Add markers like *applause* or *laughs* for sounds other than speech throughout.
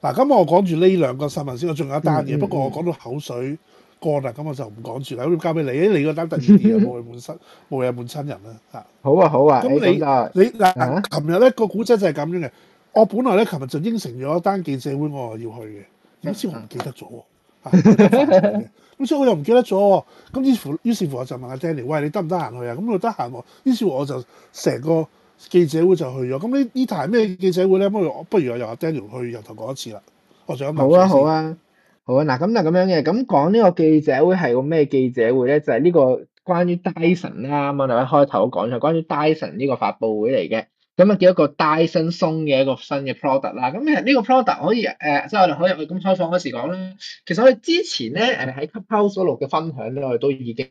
嗱，今日我講住呢兩個新聞先，我仲有一單嘢，嗯、不過我講到口水乾啦，咁我就唔講住啦，咁交俾你。你嗰單突然間冇人滿身，冇 *laughs* 人滿親人咧，嚇！好啊，好啊，咁你、哎、你嗱，琴日咧個古仔、啊、就係咁樣嘅。我本來咧琴日就應承咗單記者會，我要去嘅，點知我唔記得咗喎。咁所以我又唔記得咗喎。咁於是乎於是乎我就問阿 Danny，喂，你得唔得閒去啊？咁佢得閒喎。於是乎我就成個記者會就去咗，咁呢呢台咩記者會咧？不如我不如我由阿 Daniel 去由頭講一次啦。我想問、啊。好啊好啊好啊，嗱咁就咁樣嘅，咁講呢個記者會係個咩記者會咧？就係、是、呢個關於 Dyson 啦，咁我哋喺開頭都講咗，關於 Dyson 呢個發布會嚟嘅。咁啊，幾多個 Dyson 松嘅一個新嘅 product 啦？咁其實呢個 product 可以誒，即、呃、係我哋可以去咁採訪嗰時講啦。其實我哋之前咧誒喺 c o w e r h o u s e 嘅分享咧，我哋都已經。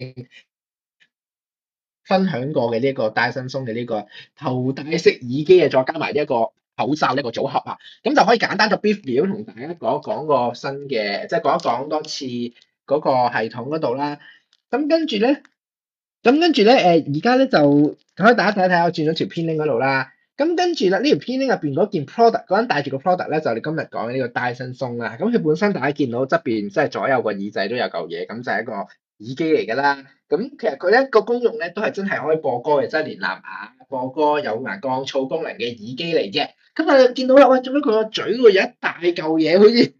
分享過嘅呢一個 Dyson Zone 嘅呢個頭戴式耳機啊，再加埋呢一個口罩呢個組合啊，咁就可以簡單個表表同大家講講個新嘅，即係講一講多次嗰個系統嗰度啦。咁跟住咧，咁跟住咧，誒而家咧就，可以大家睇一睇，我轉咗條片拎嗰度啦。咁跟住咧，呢條片拎入邊嗰件 product 嗰陣戴住個 product 咧，就係你今日講嘅呢個 Dyson Zone 啦。咁佢本身大家見到側邊即係左右個耳仔都有嚿嘢，咁就係一個。耳機嚟㗎啦，咁其實佢咧、這個功用咧都係真係可以播歌嘅，即係連藍牙播歌有牙降噪功能嘅耳機嚟啫。咁啊見到啦，喂，做咩佢個嘴嗰度有一大嚿嘢，好似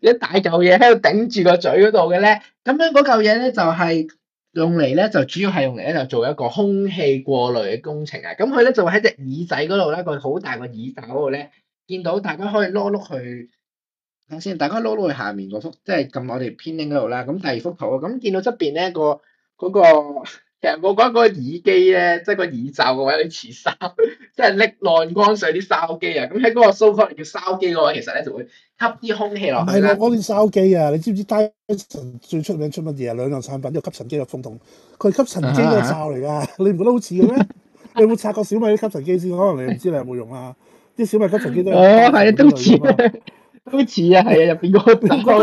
一大嚿嘢喺度頂住個嘴嗰度嘅咧？咁樣嗰嚿嘢咧就係、是、用嚟咧，就主要係用嚟咧就做一個空氣過濾嘅工程啊。咁佢咧就會喺隻耳仔嗰度咧，佢好大個耳罩度咧，見到大家可以攞碌去。先，大家攞攞去下面嗰幅，即係撳我哋編拎嗰度啦。咁第二幅圖咁見到側邊咧、嗰個嗰、嗰個其實我講個耳機咧，即係個耳罩嘅話有啲似砂，即係拎晾乾水啲砂機啊。咁喺嗰個 s o a 叫 e r 機嘅、那、話、個，其實咧就會吸啲空氣落去啦。我哋砂機啊，你知唔知戴森最出名出乜嘢啊？兩樣產品，一個吸、吸、吸、uh huh. 吸塵機，一個風筒。佢吸塵機個罩嚟噶，你唔覺得好似嘅咩？你有冇拆過小米啲吸塵機先？可能你唔知你有冇用啦、啊。啲小米吸塵機都係哦，係都似。好似啊，係、那個、啊，入邊嗰個，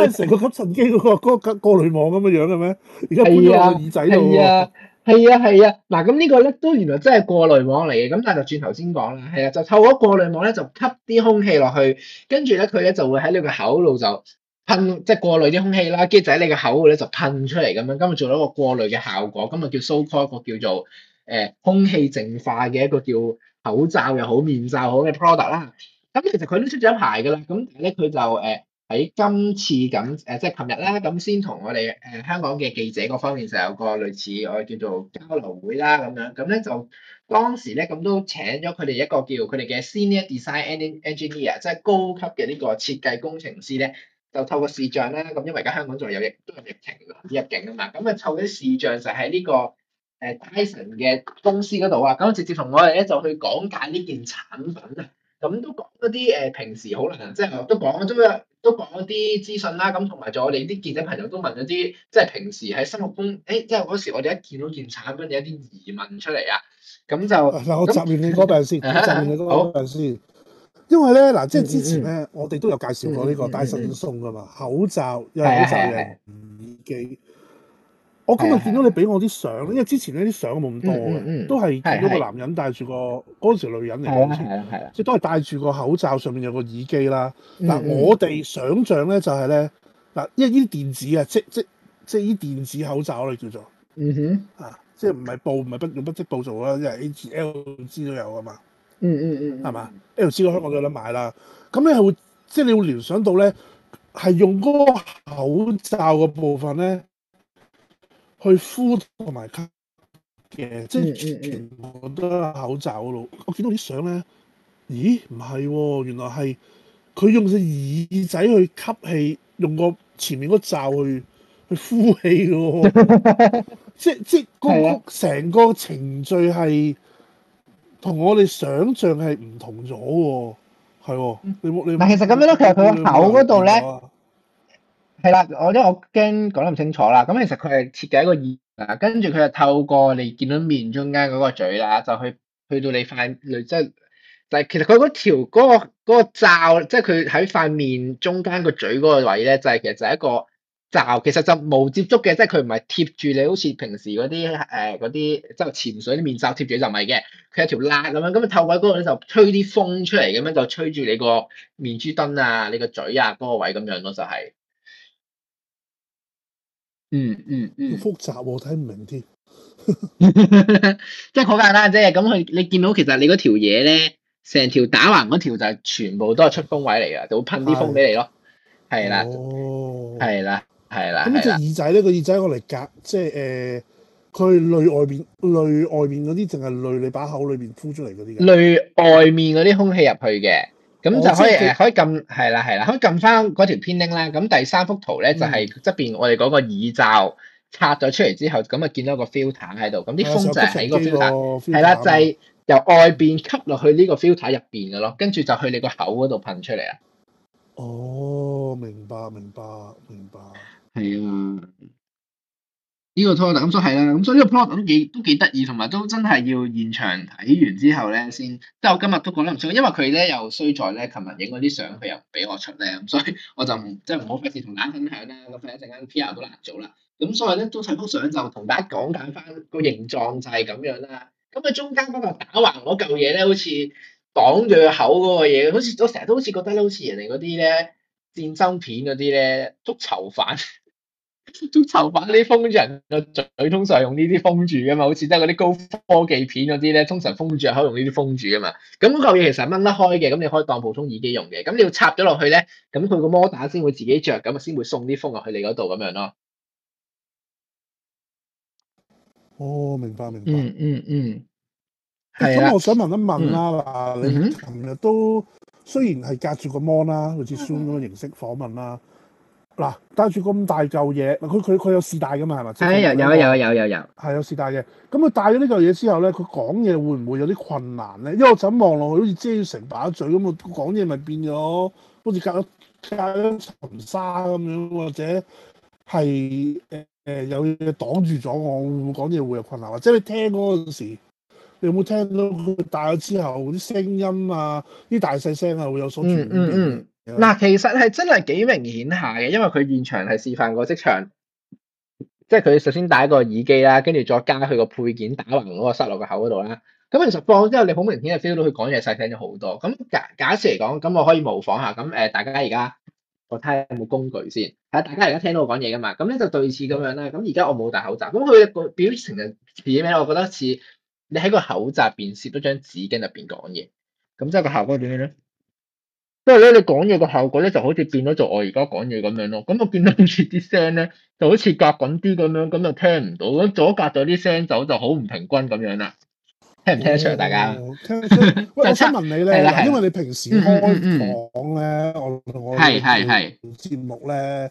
嗰成個吸塵機嗰個，嗰個過濾網咁嘅樣嘅咩？而家搬咗去耳仔度啊！係啊，係啊，係啊，嗱，咁呢個咧都原來真係過濾網嚟嘅，咁但係就轉頭先講啦，係啊，就透過過濾網咧就吸啲空氣落去，跟住咧佢咧就會喺你個口度就噴，即、就、係、是、過濾啲空氣啦，跟住喺你個口嗰咧就噴出嚟咁樣，咁啊做咗一個過濾嘅效果，咁啊叫 so call 一個叫做誒空氣淨化嘅一個叫口罩又好面罩好嘅 product 啦。咁其實佢都出咗一排嘅啦，咁咧佢就誒喺今次咁誒，即係琴日啦。咁先同我哋誒香港嘅記者嗰方面就有個類似我哋叫做交流會啦咁樣，咁咧就當時咧咁都請咗佢哋一個叫佢哋嘅 Senior Design Engineer，即係高級嘅呢個設計工程師咧，就透過視像啦，咁因為而家香港仲有疫，都有疫情入境啊嘛，咁啊湊啲視像就喺呢個 Dyson 嘅公司嗰度啊，咁直接同我哋咧就去講解呢件產品啊。咁、嗯、都講一啲誒平時可能即係都講咗都講一啲資訊啦，咁同埋仲有我哋啲記者朋友都問一啲，即係平時喺生活中，誒、欸、即係嗰時我哋一見到一件產品有一啲疑問出嚟啊，咁就嗱我責問你嗰個先，責問、 *laughs* 啊、你嗰個先，好因為咧嗱即係之前咧、嗯、我哋都有介紹過呢個 Dyson 噶嘛，嗯嗯嗯、口罩又係好雜嘅，耳機。我今日見到你俾我啲相，因為之前呢啲相冇咁多嘅，嗯嗯嗯都係見到個男人戴住個嗰陣時女人嚟嘅，即係都係戴住個口罩上面有個耳機啦。嗱、嗯嗯，我哋想像咧就係咧，嗱，因為呢啲電子啊，即即即呢啲電子口罩咧叫做，嗯嗯啊，即係唔係布唔係用不織布做啦，因為 h L g 都有噶嘛，嗯，嗯嗯嗯，係嘛？L G 喺香港都有得買啦。咁你係會即係你，你會聯想到咧，係用嗰個口罩嘅部分咧。去呼同埋吸嘅，即係全部都係口罩咯。我見到啲相咧，咦？唔係喎，原來係佢用隻耳仔去吸氣，用個前面嗰罩去去呼氣喎。 *laughs* 即即個成個程序係同我哋想像係唔同咗喎。係喎、哦，你冇你，你其。其實咁樣咧，其實佢個口嗰度咧。係啦，我因為我驚講得唔清楚啦。咁其實佢係設計一個耳，跟住佢就透過你見到面中間嗰個嘴啦，就去去到你塊，即係就係其實佢嗰條嗰個嗰個罩，即係佢喺塊面中間個嘴嗰個位咧，就係其實就一個罩，其實就冇接觸嘅，即係佢唔係貼住你，好似平時嗰啲誒啲即係潛水啲面罩貼住就唔係嘅。佢係條罅咁樣，咁透過嗰度咧就吹啲風出嚟，咁樣就吹住你個面珠燈啊，你個嘴啊嗰個位咁樣咯，就係。嗯嗯嗯，嗯嗯，複雜我睇唔明添，即係好簡單啫。咁佢你見到其實你嗰條嘢咧，成條打橫嗰條就係全部都係出風位嚟噶，就會噴啲風俾你咯。係啦的，係啦的，係啦、哦。咁隻耳仔咧，個耳仔我嚟隔，即係誒，佢內外邊內外面嗰啲淨係內你把口裏邊呼出嚟嗰啲嘅。內外面嗰啲空氣入去嘅。咁就可以可以撳係啦，係啦、啊，可以撳翻嗰條片拎咧。咁第三幅圖咧，就係、係、側邊我哋嗰個耳罩拆咗出嚟之後，咁啊見到個 filter 喺度。咁啲風就喺個 filter，係啦，就係、係、由外邊吸落去呢個 filter 入邊嘅咯，跟住就去你個口嗰度噴出嚟啊。哦，明白，明白，明白。係啊。呢個拖啊，咁所以係啦，咁所以呢個 product 都幾都幾得意，同埋都真係要現場睇完之後咧，先即係我今日都講得唔錯，因為佢咧又衰在咧，琴日影嗰啲相佢又唔俾我出，咁所以我就唔即係唔好費事同大家分享啦。咁佢一陣間 PR 都難做啦，咁所以咧都睇幅相就同大家講解翻個形狀就係咁樣啦。咁啊中間嗰個打橫嗰嚿嘢咧，好似綁住個口嗰個嘢，好似我成日都好似覺得好似人哋嗰啲咧戰爭片嗰啲咧捉囚犯。都囚犯啲封住人個嘴，通常用呢啲封住噶嘛，好似即係嗰啲高科技片嗰啲咧，通常封住口用呢啲封住噶嘛。咁嚿嘢其實掹得開嘅，咁你可以當普通耳機用嘅。咁你要插咗落去咧，咁佢個摩打先會自己着，咁啊先會送啲風落去你嗰度咁樣咯。哦，明白，明白，嗯嗯嗯，係、嗯。咁、嗯、我想問一問啦、啊，嗱、嗯，琴日都、嗯、雖然係隔住個摩啦，好似 Zoom 形式訪問啦。嗯嗱，戴住咁大嚿嘢，佢佢佢有試戴噶嘛？係咪？係啊，有啊，有啊，有有有，係有試戴嘅。咁佢戴咗呢嚿嘢之後咧，佢講嘢會唔會有啲困難咧？因為我就咁望落去，好似遮住成把嘴咁啊，講嘢咪變咗好似隔咗隔咗層沙咁樣，或者係誒誒有嘢擋住咗我，會唔會講嘢會有困難？或者你聽嗰陣時，你有冇聽到佢戴咗之後啲聲音啊、啲大細聲啊會有所轉變、嗯？嗯嗯。嗱，其實係真係幾明顯下嘅，因為佢現場係示範個職場，即係佢首先戴個耳機啦，跟住再加佢個配件打橫嗰個塞落個口嗰度啦。咁其實放咗之後，你好明顯係 feel 到佢講嘢細聲咗好多。咁假假設嚟講，咁我可以模仿下。咁誒，大家而家我睇下有冇工具先。係大家而家聽到我講嘢噶嘛？咁咧就對似咁樣啦。咁而家我冇戴口罩，咁佢個表情係似咩？我覺得似你喺個口罩邊攝到張紙巾入邊講嘢。咁即係個效果點樣咧？即係咧，你講嘢個效果咧，就好似變咗做我而家講嘢咁樣咯。咁我見到好似啲聲咧，就好似夾滾啲咁樣，咁就聽唔到咯，阻隔咗啲聲走就好唔平均咁樣啦。聽唔聽得出啊？大家？聽得出。喂，我想問你咧，因為你平時開房咧，我同我做節目咧，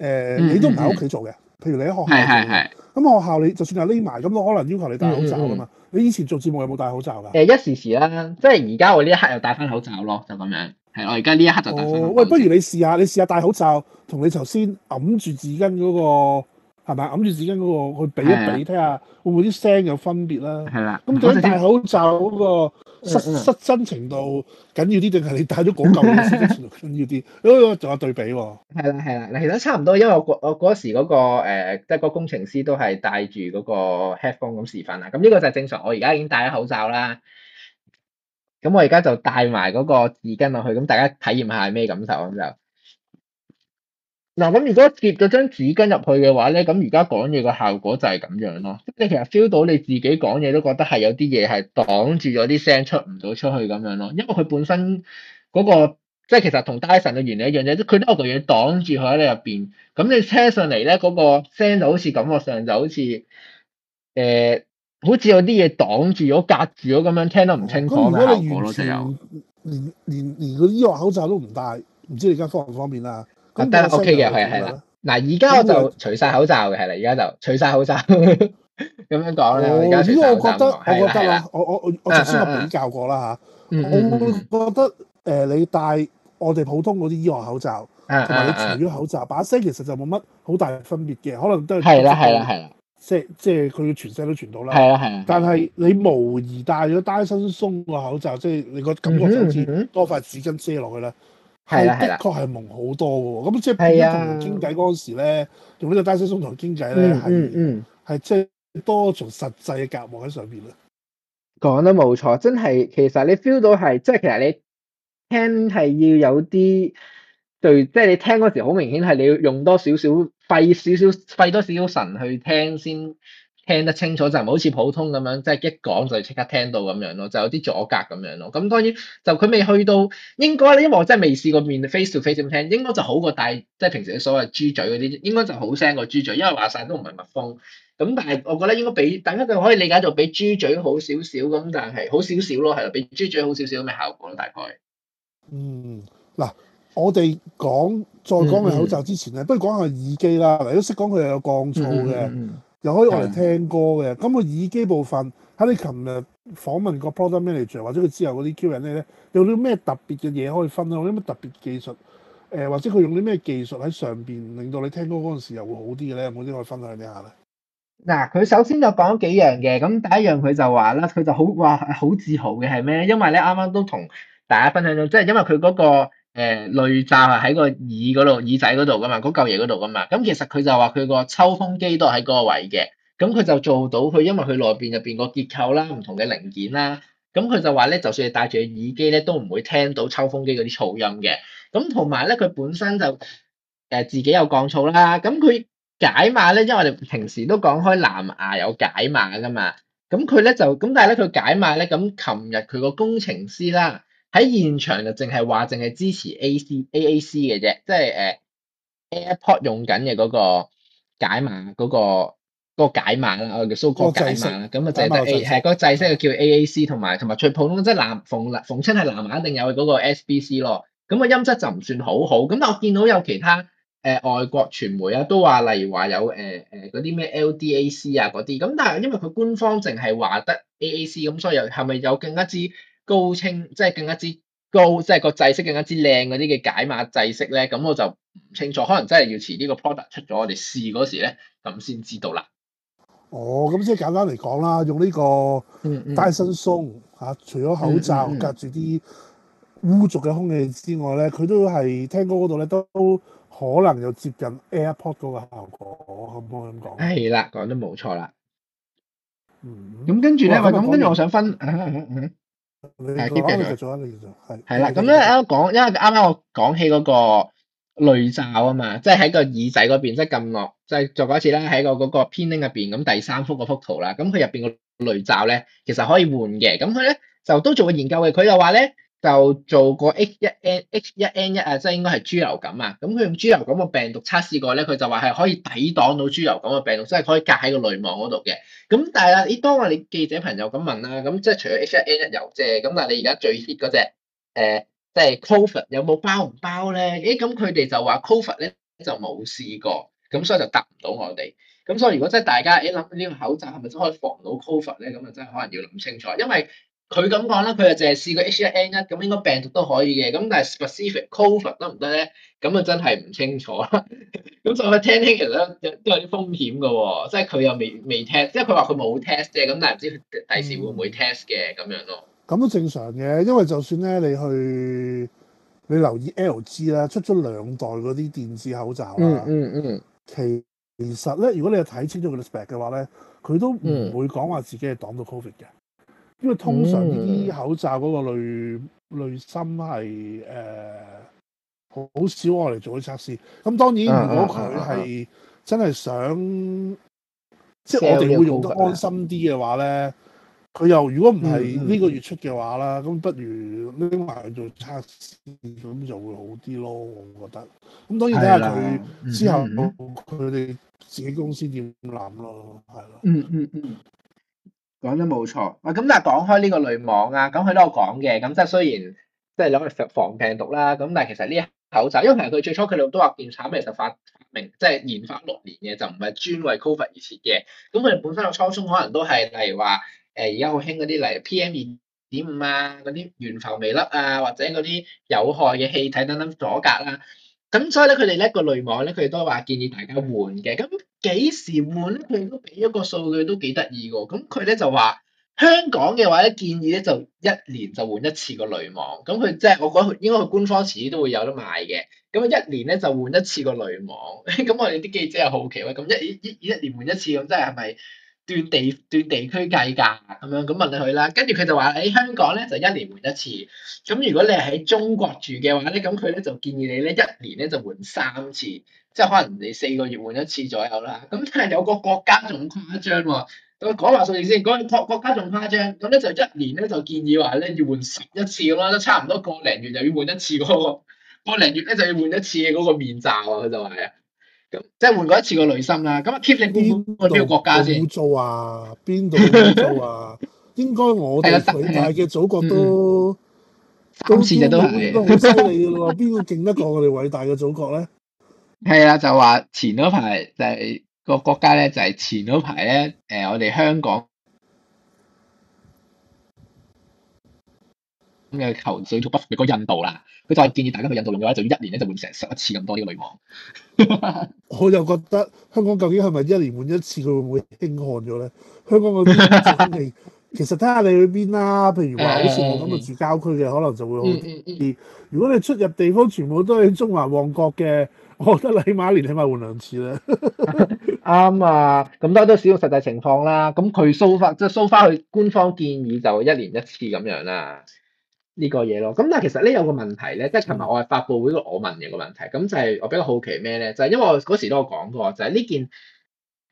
誒，你都唔喺屋企做嘅。譬如你喺學校做。係係係。咁學校你就算係匿埋，咁我可能要求你戴口罩噶嘛。你以前做節目有冇戴口罩噶？誒，一時時啦，即係而家我呢一刻又戴翻口罩咯，就咁樣。係，我而家呢一刻就、哦、喂，不如你試下，你試下戴口罩，同你頭先揞住紙巾嗰個，係咪？揞住紙巾嗰個去比一比，睇下的會唔會啲聲有分別啦。係啦的。咁對於戴口罩嗰個失的失真程度緊要啲，定係你戴咗嗰嚿緊要啲？做下仲對比喎，啊。係啦，係啦，嗱，其實差唔多，因為我我嗰時嗰個誒，即、呃、係、那個工程師都係戴住嗰個 headphone 咁示範啦。咁呢個就係正常。我而家已經戴咗口罩啦。咁我而家就帶埋嗰個紙巾落去，咁大家體驗下係咩感受咁就嗱。咁如果夾咗張紙巾入去嘅話咧，咁而家講嘢個效果就係咁樣咯。你其實 feel 到你自己講嘢都覺得係有啲嘢係擋住咗啲聲出唔到出去咁樣咯。因為佢本身嗰個即係其實同 Dyson 嘅原理一樣啫，即佢都有個嘢擋住佢喺你入邊。咁你車上嚟咧嗰個聲就好似感覺上就好似誒。欸好似有啲嘢擋住咗、隔住咗咁樣，聽得唔清楚。如果你完全連連連個醫學口罩都唔戴，唔知你而家方唔方便啦。得啦，OK 嘅，係係啦。嗱，而家我就除晒口罩嘅，係啦，而家就除晒口罩。咁樣講啦，而家除晒口罩。咦，我覺得係啊，我我我我頭先我比較過啦吓，我覺得誒，你戴我哋普通嗰啲醫學口罩，同埋你除咗口罩，把聲其實就冇乜好大分別嘅，可能都係。係啦，係啦，係啦。即即係佢嘅全聲都傳到啦，係啊係啊。啊但係你無疑戴咗 Dyson 個口罩，即係你個感覺好似、嗯嗯嗯、多塊紙巾遮落去啦。係、嗯嗯、的確係朦好多喎。咁、啊啊、即係同人傾偈嗰陣時咧，用個呢個 Dyson 同人傾偈咧，係係即係多重實際嘅隔膜喺上邊啦。講得冇錯，真係其實你 feel 到係即係其實你聽係要有啲。對，即係你聽嗰時好明顯係你要用多少少費少少費多少少神去聽先聽得清楚，就唔係好似普通咁樣，即係一講就即刻聽到咁樣咯，就有啲阻隔咁樣咯。咁當然就佢未去到應該咧，因為我真係未試過面 face to face 咁聽，應該就好過大即係平時啲所謂豬嘴嗰啲，應該就好聲過豬嘴，因為話晒都唔係密封。咁但係我覺得應該比大家就可以理解做比豬嘴好少少咁，但係好少少咯，係啦，比豬嘴好少少咁嘅效果大概。嗯，嗱。我哋講再講嘅口罩之前咧，嗯、不如講下耳機啦。嗱，都識講佢又有降噪嘅，又可以用嚟聽歌嘅。咁、嗯、個耳機部分，喺你琴日訪問個 product manager 或者佢之後嗰啲 Q&A 咧，有啲咩特別嘅嘢可以分享？有啲咩特別技術？誒、呃，或者佢用啲咩技術喺上邊，令到你聽歌嗰陣時又會好啲嘅咧？有冇啲可以分享一下咧？嗱，佢首先就講幾樣嘅。咁第一樣佢就話啦，佢就好話好自豪嘅係咩？因為咧，啱啱都同大家分享咗，即、就、係、是、因為佢嗰、那個。誒，內、呃、罩係喺個耳嗰度，耳仔嗰度噶嘛，嗰嚿嘢嗰度噶嘛。咁其實佢就話佢個抽風機都係喺嗰個位嘅。咁佢就做到佢，因為佢內邊入邊個結構啦，唔同嘅零件啦。咁佢就話咧，就算戴住耳機咧，都唔會聽到抽風機嗰啲噪音嘅。咁同埋咧，佢本身就誒、呃、自己有降噪啦。咁佢解碼咧，因為我哋平時都講開藍牙有解碼噶嘛。咁佢咧就咁，但係咧佢解碼咧，咁琴日佢個工程師啦，喺現場就淨係話，淨係支持 A A C A A C 嘅啫，即係誒 AirPod 用緊嘅嗰個解碼嗰、嗰個嗰個解碼啦，我哋嘅蘇國解碼啦，咁啊，就係 A 係個制式叫 A A C 同埋同埋除普通即係藍逢逢親係藍牙一定有嗰個 S B C 咯，咁個音質就唔算好好。咁但我見到有其他誒、呃、外國傳媒啊都話，例如話有誒誒、呃、嗰啲、呃、咩 L D A C 啊嗰啲，咁但係因為佢官方淨係話得 A A C，咁所以有係咪有更加之？高清即係更加之高，即係個制式更加之靚嗰啲嘅解碼制式咧，咁我就唔清楚，可能真係要遲呢個 product 出咗，我哋試嗰時咧，咁先知道啦。哦，咁即係簡單嚟講啦，用呢個 Dyson Zone 吓，除咗口罩、嗯嗯嗯、隔住啲污濁嘅空氣之外咧，佢都係聽歌嗰度咧都可能有接近 AirPod 嗰個效果，可唔可以咁講？係啦，講得冇錯啦。咁跟住咧，咁跟住我想分。係係啦，咁咧啱講，因為啱啱我講起嗰個濾罩啊嘛，即係喺個耳仔嗰邊，即係撳落，即、就、係、是、做過一次啦，喺個嗰個偏聽入邊，咁第三幅嗰幅圖啦，咁佢入邊個濾罩咧，其實可以換嘅，咁佢咧就都做過研究嘅，佢又話咧。就做過 H1N H1N1 啊，即係應該係豬流感啊。咁佢用豬流感個病毒測試過咧，佢就話係可以抵擋到豬流感個病毒，即係可以隔喺個濾網嗰度嘅。咁但係啊，你當我哋你記者朋友咁問啦，咁即係除咗 H1N1 油啫，咁但係你而家最 hit 嗰隻誒，即係 Covid 有冇包唔包咧？誒咁佢哋就話 Covid 咧就冇試過，咁所以就答唔到我哋。咁所以如果真係大家一諗呢個口罩係咪真可以防到 Covid 咧？咁啊真係可能要諗清楚，因為。佢咁講啦，佢就淨係試過 H1N1，咁應該病毒都可以嘅。咁但係 specific COVID 得唔得咧？咁啊真係唔清楚啦。咁所以聽聽，其實都有啲風險噶。即係佢又未未 test，即係佢話佢冇 test 嘅。咁但係唔知第時會唔會 test 嘅咁、嗯、樣咯。咁都正常嘅，因為就算咧，你去你留意 LG 啦，出咗兩代嗰啲電子口罩啊、嗯。嗯嗯嗯。其實咧，如果你要睇清楚佢嘅 spec 嘅話咧，佢都唔會講話自己係擋到 COVID 嘅。因為通常呢啲口罩嗰個內、嗯、心芯係好少我嚟做嘅測試，咁當然如果佢係真係想，啊啊啊、即係我哋會用得安心啲嘅話咧，佢、嗯、又如果唔係呢個月出嘅話啦，咁、嗯、不如拎埋去做測試，咁就會好啲咯，我覺得。咁當然睇下佢之後佢哋、嗯、自己公司點諗咯，係咯、嗯。嗯嗯嗯。講得冇錯啊！咁但係講開呢個濾網啊，咁佢都有講嘅。咁即係雖然即係攞嚟防病毒啦，咁但係其實呢一口罩，因為其實佢最初佢哋都話建廠，其實發明即係、就是、研發六年嘅，就唔係專為 Covid 而設嘅。咁佢哋本身個初衷可能都係例如話誒，而家好興嗰啲，例如 P M 二點五啊，嗰啲懸浮微粒啊，或者嗰啲有害嘅氣體等等阻隔啦、啊。咁所以咧，佢哋呢、這個濾網咧，佢哋都係話建議大家換嘅。咁。幾時換佢都俾一個數據，都幾得意喎。咁佢咧就話香港嘅話咧，建議咧就一年就換一次個濾網。咁佢即係我覺得應該佢官方始終都會有得賣嘅。咁一年咧就換一次個濾網。咁 *laughs* 我哋啲記者又好奇，喂，咁一一一年換一次咁，即係係咪對地對地區計價咁樣？咁問你去啦。跟住佢就話喺香港咧就一年換一次。咁如果你係喺中國住嘅話咧，咁佢咧就建議你咧一年咧就換三次。即係可能你四個月換一次左右啦，咁但係有個國家仲誇張，我講埋數字先說說，嗰國家仲誇張，咁咧就一年咧就建議話咧要換十一次咁啦，都差唔多個零月就要換一次嗰、那個，個零月咧就要換一次嗰個面罩啊，佢就話、係、啊，咁即係換過一次個濾芯啦。咁啊 keep 你邊度邊個國家先？做啊，邊度做啊？ *laughs* *laughs* 應該我哋偉大嘅祖國都、嗯、都好似都好犀利嘅咯，邊個勁得過我哋偉大嘅祖國咧？係啊，就話前嗰排就係個國家咧，就係前嗰排咧，誒，我哋香港咁嘅求水土不服嘅嗰印度啦，佢就建議大家去印度嚟嘅話，就要一年咧就換成十一次咁多呢個濾網。我又覺得香港究竟係咪一年換一次，佢會唔會興旱咗咧？香港嘅經濟其實睇下你去邊啦，譬如話好似我咁啊，住郊區嘅可能就會好啲啲。如果你出入地方全部都係中環旺角嘅。我覺得起碼一年起碼換兩次啦。啱 *laughs* *laughs* 啊，咁都都少用實際情況啦。咁佢 so far 即係 so far 佢官方建議就一年一次咁樣啦。呢、這個嘢咯。咁但係其實呢有個問題咧，即係琴日我係發佈會我問嘅個問題，咁、嗯、就係我比較好奇咩咧？就係、是、因為我嗰時都有講過，就係、是、呢件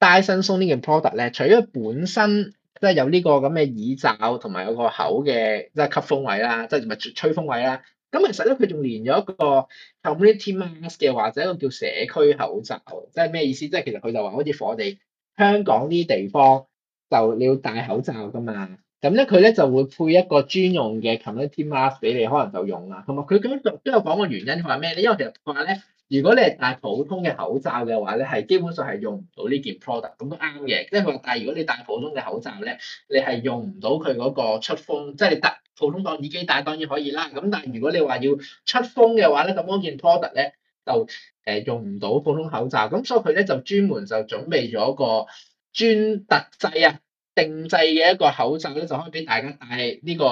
Dyson Zone 呢件 product 咧，除咗本身即係有呢個咁嘅耳罩同埋有個口嘅，即係吸風位啦，即係咪吹風位啦？咁、嗯、其實咧，佢仲連咗一個 community mask 嘅，或者一個叫社區口罩，即係咩意思？即係其實佢就話好似我哋香港啲地方就你要戴口罩㗎嘛。咁、嗯、咧，佢咧就會配一個專用嘅 community mask 俾你，可能就用啦。同埋佢咁樣做都有講個原因，佢話咩咧？因為其實佢話咧。如果你係戴普通嘅口罩嘅話咧，係基本上係用唔到呢件 product，咁都啱嘅。即係佢話，但係如果你戴普通嘅口罩咧，你係用唔到佢嗰個出風，即係戴普通當耳機戴當然可以啦。咁但係如果你話要出風嘅話咧，咁嗰件 product 咧就誒用唔到普通口罩。咁所以佢咧就專門就準備咗一個專特製啊、定制嘅一個口罩咧，就可以俾大家戴呢個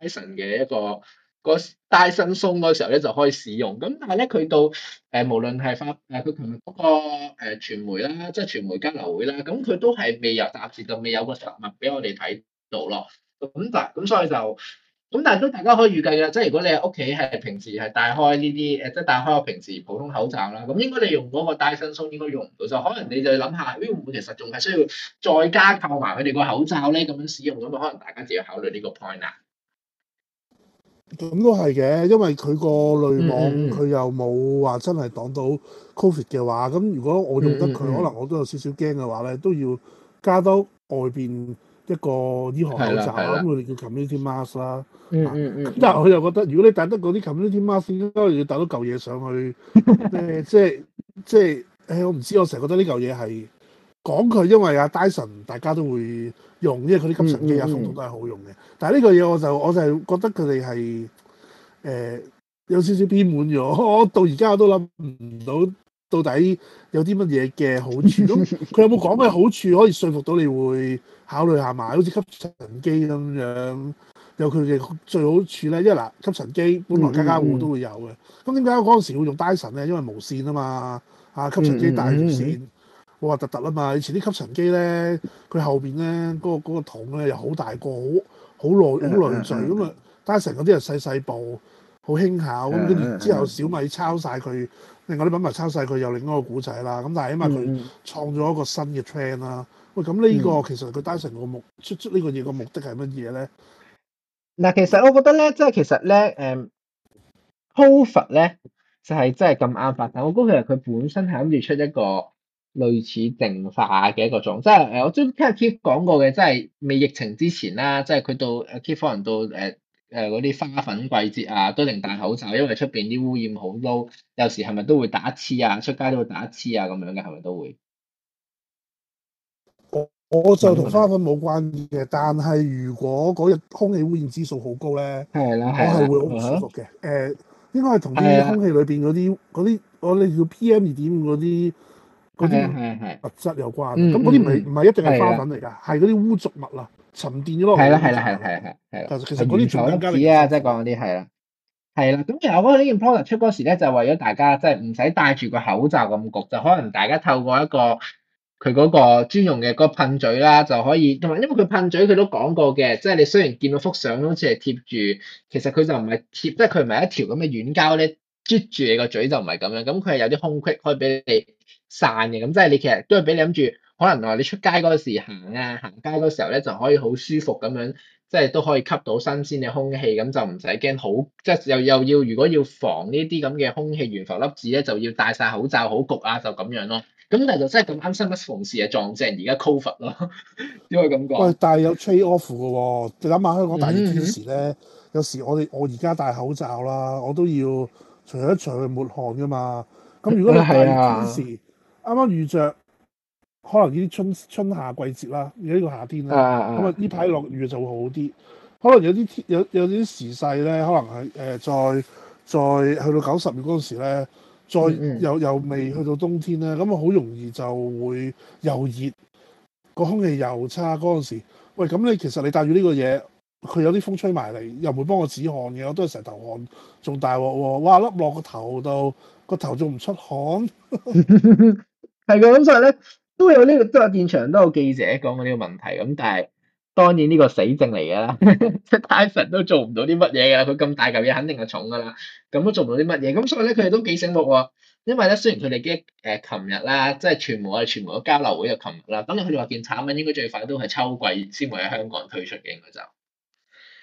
version 嘅一個。個 Dyson Zone 嗰時候咧就可以使用，咁但係咧佢到誒、呃、無論係發誒佢琴日嗰個傳媒啦，即係傳媒交流會啦，咁佢都係未有雜誌就有，就未有個實物俾我哋睇到咯。咁但係咁所以就咁，但係都大家可以預計嘅。即係如果你喺屋企係平時係戴開呢啲誒，即係戴開個平時普通口罩啦，咁應該你用嗰個 Dyson Zone 應該用唔到，就可能你就諗下，會唔會其實仲係需要再加購埋佢哋個口罩咧咁樣使用咁啊。可能大家就要考慮呢個 point 啊。咁都係嘅，因為佢個濾網佢、嗯嗯、又冇話真係擋到 COVID 嘅話，咁如果我用得佢，嗯嗯嗯可能我都有少少驚嘅話咧，都要加多外邊一個醫學口罩啊，咁我哋叫 community mask 啦。嗯嗯嗯，但係我又覺得如果你戴得嗰啲 community mask，應該要戴多嚿嘢？上去，誒、 *laughs* 呃，即係即係，誒、欸，我唔知，我成日覺得呢嚿嘢係。講佢，因為啊 Dyson 大家都會用，因為佢啲吸塵機啊，通通都係好用嘅。嗯嗯，但係呢個嘢我就我就係覺得佢哋係誒，有少少偏滿咗。我到而家我都諗唔到到底有啲乜嘢嘅好處。咁佢 *laughs* 有冇講咩好處可以説服到你會考慮下買？好似吸塵機咁樣有佢嘅最好處咧。因為嗱吸塵機本來家家戶都會有嘅。咁點解嗰陣時會用 Dyson 咧？因為無線啊嘛，啊吸塵機帶住線。嗯嗯嗯哇，話突突啊嘛！以前啲吸塵機咧，佢後邊咧嗰個嗰個桶咧又好大個，好好累好累贅咁啊！戴森嗰啲人細細部，好輕巧咁。跟住之後小米抄晒佢，另外啲品牌抄晒佢，又另一個古仔啦。咁但係因為佢創咗一個新嘅 trend 啦。喂，咁呢、呢個、嗯、其實佢戴森個目出出呢個嘢個目的係乜嘢咧？嗱，其實我覺得咧，即係其實咧，誒 h o v e r 咧就係真係咁啱法，但我覺得其實佢本身係諗住出一個，一個類似淨化嘅一個狀，即係誒，我都聽阿 K 講過嘅，即係未疫情之前啦，即係佢到誒 K 夫人到誒誒嗰啲花粉季節啊，都成戴口罩，因為出邊啲污染好高，有時係咪都會打乞嗤啊，出街都會打乞嗤啊咁樣嘅，係咪都會？我，我就同花粉冇關嘅，但係如果嗰日空氣污染指數好高咧，我係會好唔舒服嘅。誒，應該係同啲空氣裏邊嗰啲啲我哋叫 P M 二點五嗰啲。嗰啲係係物質有關，咁嗰啲唔係唔係一定係花粉嚟㗎，係嗰啲污濁物啊，沉澱咗落嚟。係啦係啦係係係係。但係其實嗰啲全膠嚟啊，即係講嗰啲係啦，係啦。咁其實我覺得呢件 product 出嗰時咧，就為咗大家即係唔使戴住個口罩咁焗，就可能大家透過一個佢嗰個專用嘅嗰個噴嘴啦，就可以同埋因為佢噴嘴佢都講過嘅，即係你雖然見到幅相好似係貼住，其實佢就唔係貼，即係佢唔係一條咁嘅軟膠咧，啜住你個嘴就唔係咁樣，咁佢係有啲空隙可以俾你。散嘅，咁即係你其實都係俾你諗住，可能話你出街嗰時行啊行街嗰時候咧，就可以好舒服咁樣，即係都可以吸到新鮮嘅空氣，咁就唔使驚好，即係又又要如果要防呢啲咁嘅空氣懸浮粒子咧，就要戴晒口罩好焗啊，就咁樣咯。咁但係就真係咁啱生不逢時啊？撞正而家 COVID 咯，只可以咁講。喂，但係有 trade off 嘅喎、哦，你諗下香港大熱天時咧，mm hmm. 有時我哋我而家戴口罩啦，我都要除一除去抹汗噶嘛。咁如果你係大熱天時 *laughs* *laughs* 啱啱遇着，可能呢啲春春夏季節啦，如果呢個夏天啦，咁啊呢排落雨就會好啲。可能有啲天有有啲時勢咧，可能係誒、呃、再再、再去到九十月嗰陣時咧，再又又未去到冬天咧，咁啊好容易就會又熱，個空氣又差嗰陣時。喂，咁你其實你帶住呢個嘢，佢有啲風吹埋嚟，又唔會幫我止汗嘅，我都係成頭汗，仲大鑊喎！哇，笠落個頭度，個頭仲唔出汗。 *laughs* 係噶，咁所以咧都有呢、呢個都有現場都有記者講過呢個問題，咁但係當然呢個死症嚟嘅啦，即 *laughs* 係 Dyson 都做唔到啲乜嘢嘅，佢咁大嚿嘢肯定係重噶啦，咁都做唔到啲乜嘢，咁所以咧佢哋都幾醒目喎，因為咧雖然佢哋嘅誒琴日啦，即係全部啊全部都交流會嘅琴日啦，咁佢哋話件產品應該最快都係秋季先會喺香港推出嘅應該就，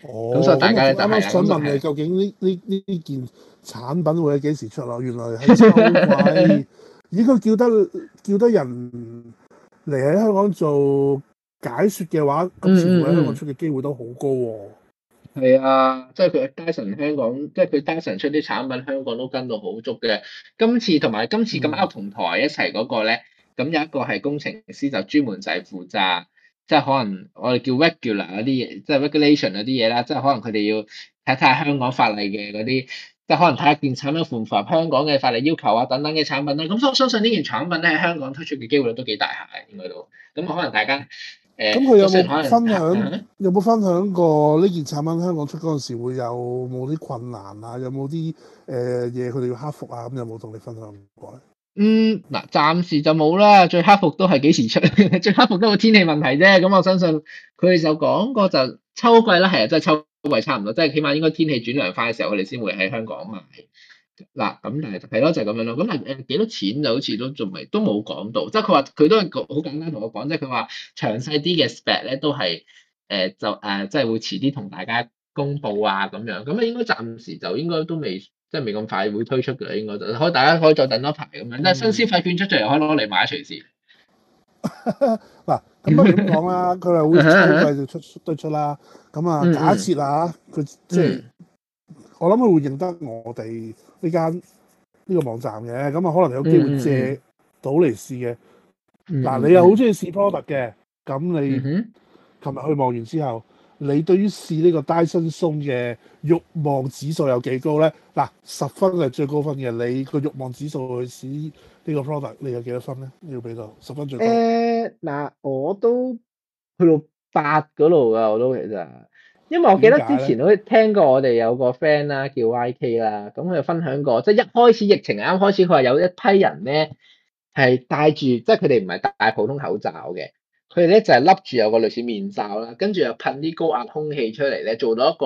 咁、哦嗯、所以大家咧就係哦、剛剛想問,問你，究竟呢呢呢件產品會喺幾時出落原來係秋季 *laughs* 以佢叫得叫得人嚟喺香港做解説嘅話，咁全部喺香港出嘅機會都好高喎、哦。係、嗯嗯、啊，即係佢 Dyson 香港，即係佢 Dyson 出啲產品，香港都跟到好足嘅。今次同埋今次咁啱同台一齊嗰個咧，咁有一個係工程師，就專門就負責，即、就、係、是、可能我哋叫 regular 嗰啲嘢，即、就、係、是、regulation 嗰啲嘢啦，即、就、係、是、可能佢哋要睇睇香港法例嘅嗰啲。即係可能睇下件產品符唔符合香港嘅法例要求啊，等等嘅產品啦。咁所以我相信呢件產品咧喺香港推出嘅機會率都幾大下嘅，應該都。咁可能大家誒，咁、呃、佢有冇分享？有冇分享過呢件產品香港出嗰陣時會有冇啲困難啊？有冇啲誒嘢佢哋要克服啊？咁有冇同你分享過咧？嗯，嗱，暫時就冇啦。最克服都係幾時出？最克服都係個天氣問題啫。咁我相信佢哋就講過就秋季啦，係啊，即係秋。都係差唔多，即係起碼應該天氣轉涼快嘅時候，我哋先會喺香港買嗱。咁但係係咯，就係咁樣咯。咁誒誒，幾多錢就好似都仲未都冇講到，即係佢話佢都係好簡單同我講，即係佢話詳細啲嘅 spec 咧都係誒、呃、就誒、呃，即係會遲啲同大家公佈啊咁樣。咁啊，應該暫時就應該都未即係未咁快會推出嘅，應該就可大家可以再等多排咁樣。但係新消費券出咗又可以攞嚟買隨時。嗱，咁啊， *laughs* 佢講啦，佢話會秋季就出得出啦，咁啊 *laughs* 即，假設啦，佢即係我諗佢會認得我哋呢間呢個網站嘅，咁啊，可能有機會借到嚟試嘅。嗱， *laughs* 你又好中意試 product 嘅，咁你琴日去望完之後。你對於試呢個 Dyson Zone 嘅欲望指數有幾高咧？嗱、啊，十分係最高分嘅。你個欲望指數去試呢個 product，你有幾多分咧？你要俾到十分最高分。誒、欸，嗱，我都去到八嗰度㗎，我都其實，因為我記得之前我都聽過我哋有個 friend 啦，叫 YK 啦，咁佢就分享過，即係一開始疫情啱開始，佢話有一批人咧係戴住，即係佢哋唔係戴普通口罩嘅。佢哋咧就係笠住有個類似面罩啦，跟住又噴啲高壓空氣出嚟咧，做到一個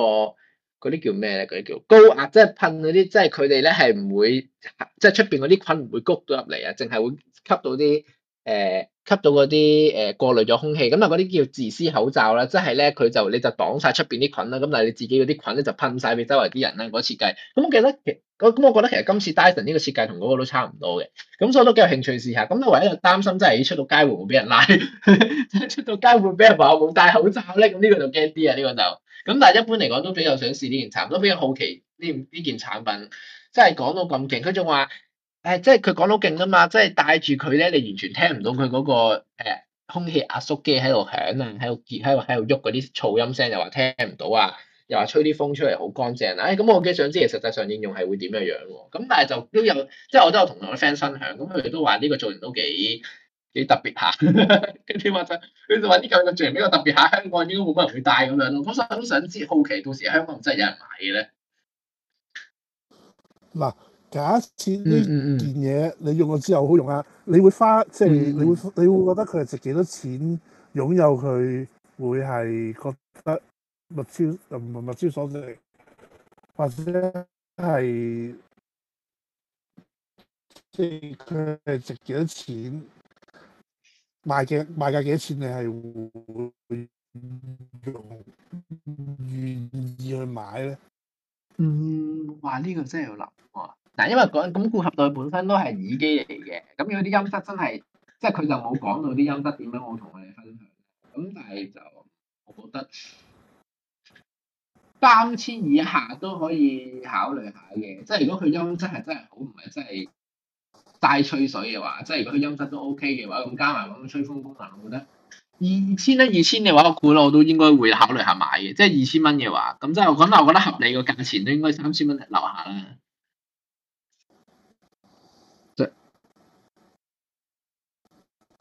嗰啲叫咩咧？嗰啲叫高壓，即係噴嗰啲，即係佢哋咧係唔會，即係出邊嗰啲菌唔會谷到入嚟啊，淨係會吸到啲誒。呃吸到嗰啲誒過濾咗空氣，咁啊嗰啲叫自私口罩啦，即係咧佢就，是，就你就擋晒出邊啲菌啦，咁但係你自己嗰啲菌咧就噴晒俾周圍啲人啦嗰、那個、設計。咁我記得其，咁我，我覺得其實今次 Dyson 呢個設計同嗰個都差唔多嘅，咁所以我都幾有興趣試下。咁我唯一就擔心真係出到街會唔會俾人拉？ *laughs* 出到街會唔會俾人話我冇戴口罩咧？咁呢個就驚啲啊，呢、這個就。咁但係一般嚟講都比較想試呢件產品，都比較好奇呢呢件產品，即係講到咁勁，佢仲話。誒，即係佢講到勁㗎嘛，即係帶住佢咧，你完全聽唔到佢嗰個空氣壓縮機喺度響啊，喺度喺度喺度喐嗰啲噪音聲又話聽唔到啊，又話吹啲風出嚟好乾淨啊，咁、哎、我幾想知其實實際上應用係會點嘅樣喎、啊，咁但係就都有，即係我都有同我啲 friend 分享，咁佢哋都話呢個造型都幾幾特別下，跟住話就佢哋話呢嚿嘢造型比較特別下，香港應該冇乜人會戴咁樣咯，我都想知好奇到時香港真係有人買嘅咧，嗱、啊。價錢呢件嘢，你用咗之後好用啊！你會花，即係你會你會覺得佢係值幾多錢？擁有佢會係覺得物超唔係物超所值，或者係即係佢係值幾多錢？賣價賣價幾多錢？你係會用願意去買咧？嗯，話呢、 *noise* 嗯 *noise* 嗯呢個真係要諗喎。嗱，但因為講咁固合佢本身都係耳機嚟嘅，咁佢啲音質真係，即係佢就冇講到啲音質點樣我，我同我哋分享。咁但係就，我覺得三千以下都可以考慮下嘅，即係如果佢音質係真係好，唔係真係齋吹水嘅話，即係如果佢音質都 OK 嘅話，咁加埋咁嘅吹風功能，我覺得二千啦，二千嘅話我估我都應該會考慮下買嘅，即係二千蚊嘅話，咁即係我覺得我覺得合理嘅價錢都應該三千蚊留下啦。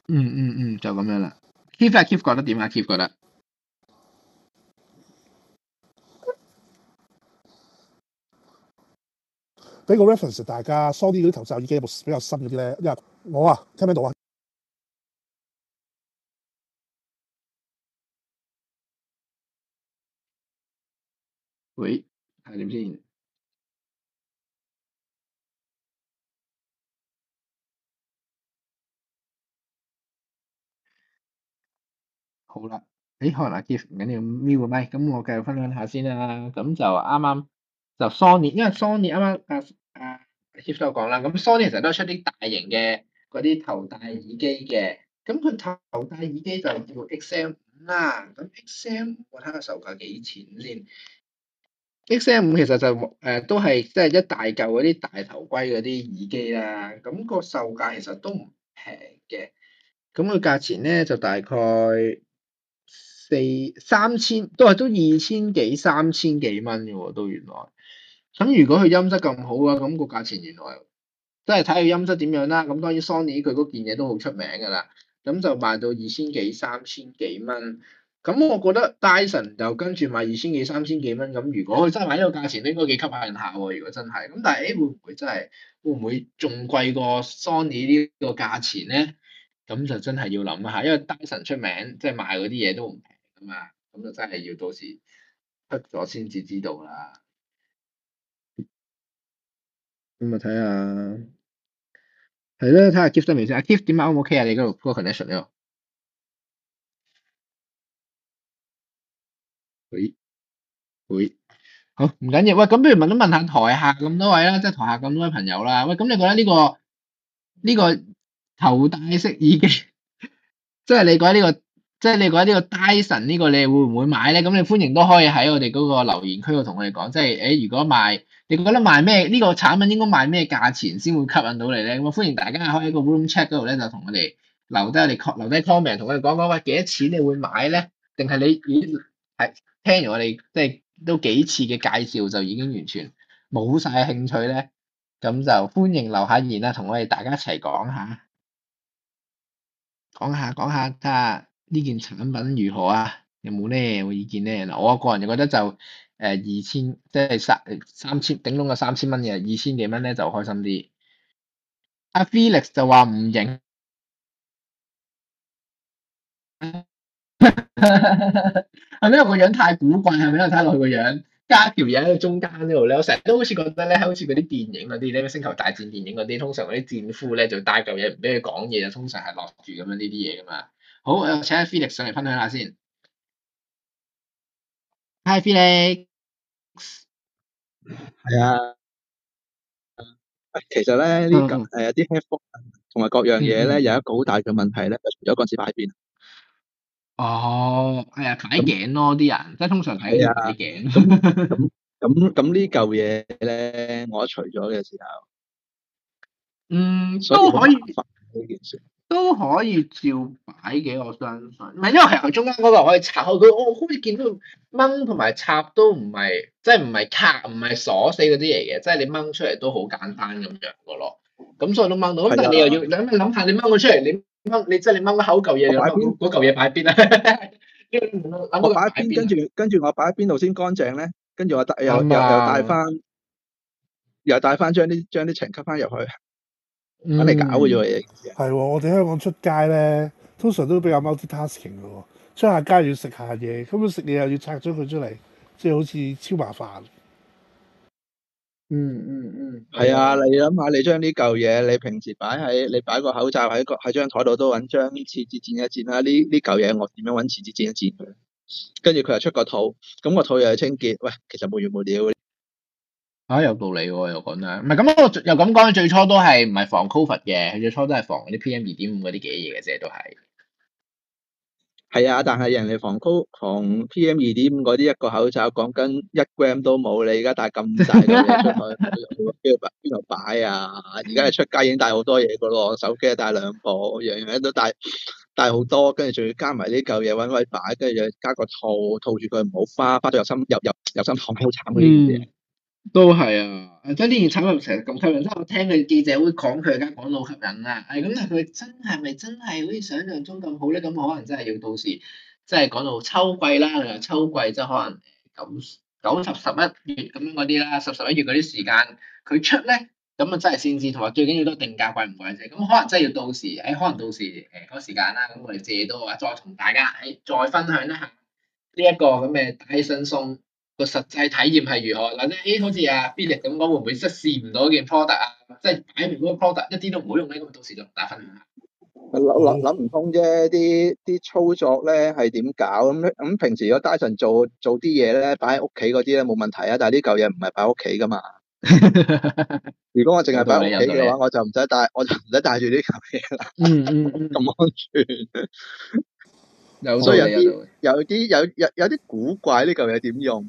嗯嗯嗯，就咁樣啦。Keep 啊，Keep 覺得點啊？Keep 覺得，俾個 reference 大家。Sony 嗰啲頭罩耳機有冇比較深嗰啲咧？因為我啊，聽唔聽到啊？喂，係你唔見？好啦，咦，可能 Jeff 唔緊要瞄個麥，咁我繼續分享下先啦。咁就啱啱就 Sony，因為 Sony 啱啱啊啊 Jeff 都有講啦。咁 Sony 其實都係出啲大型嘅嗰啲頭戴耳機嘅，咁佢頭戴耳機就叫 XM 五啦。咁 XM 我睇下售價幾錢先。XM 五其實就誒都係即係一大嚿嗰啲大頭龜嗰啲耳機啦，咁個售價其實都唔平嘅。咁佢價錢咧就大概。四三千都係都二千幾三千幾蚊嘅喎，都原來。咁如果佢音質咁好呀，咁個價錢原來即係睇佢音質點樣啦。咁當然 Sony 佢嗰件嘢都好出名㗎啦。咁就賣到二千幾三千幾蚊。咁我覺得 Dyson 就跟住賣二千幾三千幾蚊。咁如果佢真係賣呢個價錢，價錢都應該幾吸引下喎。如果真係，咁但係誒、欸、會唔會真係會唔會仲貴過 Sony 呢個價錢咧？咁就真係要諗下，因為 Dyson 出名，即係賣嗰啲嘢都唔平。咁啊，咁就、嗯、真係要到時得咗先至知道啦。咁啊，睇下係啦，睇下 Kiss 得唔得啊？Kiss 點解 O 唔 OK 啊？ーー okay，你覺得唔過可能順路。喂喂好唔緊要。喂，咁不如問一問下台下咁多位啦，即係台下咁多位朋友啦。喂，咁你覺得呢個呢個頭戴式耳機，即係你覺得呢個？即係你覺得呢個 Dyson 呢個你會唔會買咧？咁你歡迎都可以喺我哋嗰個留言區度同我哋講，即係誒、欸，如果賣，你覺得賣咩？呢、呢個產品應該賣咩價錢先會吸引到你咧？咁啊，歡迎大家可以喺個 room chat 嗰度咧，就同我哋留低你留低 comment，同我哋講講喂，幾、哎、多錢你會買咧？定係你已係聽完我哋即係都幾次嘅介紹就已經完全冇晒興趣咧？咁就歡迎留下言啊，同我哋大家一齊講下，講下講下。呢件產品如何啊？有冇咧個意見咧？嗱，我個人就覺得就誒二千，呃、2, 000, 即係三三千頂籠嘅三千蚊嘅二千幾蚊咧就開心啲。阿 Felix 就話唔影，係咪因為個樣太古怪？係咪因為睇落去個樣加條嘢喺中間呢度咧？我成日都好似覺得咧，好似嗰啲電影嗰啲，咧星球大戰電影嗰啲，通常嗰啲戰夫咧就戴嚿嘢唔俾佢講嘢，就通常係落住咁樣呢啲嘢噶嘛。好，我請阿 Felix 上嚟分享下先。Hi Felix。係啊。誒，其實咧呢舊誒啲 headphone 同埋各樣嘢咧有一個好大嘅問題咧，就除咗嗰陣時擺邊？哦，係啊，擺頸咯啲人，即係通常睇嗰啲擺頸。咁咁咁呢嚿嘢咧，我除咗嘅時候，嗯，都可以。呢件事。都可以照擺嘅，我相信。唔係，因為係中間嗰個可以拆開，佢我好似見到掹同埋插都唔係，即係唔係卡，唔係鎖死嗰啲嚟嘅，即係你掹出嚟都好簡單咁樣嘅咯。咁所以都掹到。但你又要諗，你諗下，你掹佢出嚟，你掹你即係你掹咗口嚿嘢，擺邊？嗰嚿嘢擺邊啊？我擺邊，跟住跟住我擺喺邊度先乾淨咧？跟住我帶嗎又又又帶翻，又帶翻將啲將啲塵吸翻入去。咁你搞佢咗嘢，係喎、嗯！我哋香港出街咧，通常都比較 multi-tasking 嘅喎。出下街要食下嘢，咁樣食嘢又要拆咗佢出嚟，即係好似超麻煩。嗯嗯嗯，係啊！你諗下，你將呢嚿嘢，你平時擺喺你擺個口罩喺個喺張台度，都揾張廁紙剪一剪啦。呢呢嚿嘢我點樣揾廁紙剪一剪佢？跟住佢又出個肚，咁、個肚又要清潔，喂，其實冇完冇了。啊，有道理喎，又講得，唔係咁，我又咁講，最初都係唔係防 covid 嘅，最初都係防啲 PM 二點五嗰啲嘅嘢嘅啫，都係，係啊，但係人哋防 covid 防 PM 二點五嗰啲一個口罩，講緊一 gram 都冇，你而家帶咁大嘅嘢出去，邊度擺啊？而家出街已經帶好多嘢噶咯，手機帶兩部，樣樣都帶帶好多，跟住仲要加埋呢嚿嘢搵位擺，跟住加個套套住佢，唔好花花咗入心，入入入身汗，好慘嘅嘢。嗯都係啊！即係呢件產品成日咁吸引，即我聽佢記者會講佢而家講到吸引啦。誒咁，但係佢真係咪真係好似想像中咁好咧？咁可能真係要到時，即係講到秋季啦，秋季即係可能九九十十一月咁樣嗰啲啦，十十一月嗰啲時間佢出咧，咁啊真係先至同埋最緊要都定價貴唔貴啫。咁可能真係要到時，誒、哎、可能到時誒嗰、那個、時間啦，咁我哋借到嘅話，再同大家誒再分享一下呢一個咁嘅 Dyson Zone。個實際體驗係如何嗱、哎？即係好似阿 Billy 咁講，會唔會失係試唔到件 product 啊？即係擺唔到個 product 一啲都唔好用呢。咁到時就唔打分啦。諗諗唔通啫，啲啲操作咧係點搞咁？咁平時個 Dyson 做做啲嘢咧，擺喺屋企嗰啲咧冇問題啊。但係呢嚿嘢唔係擺喺屋企噶嘛。如果我淨係擺喺屋企嘅話，我就唔使帶，我就唔使帶住呢嚿嘢啦。咁安全。有所有啲有啲有有有啲古怪呢嚿嘢點用？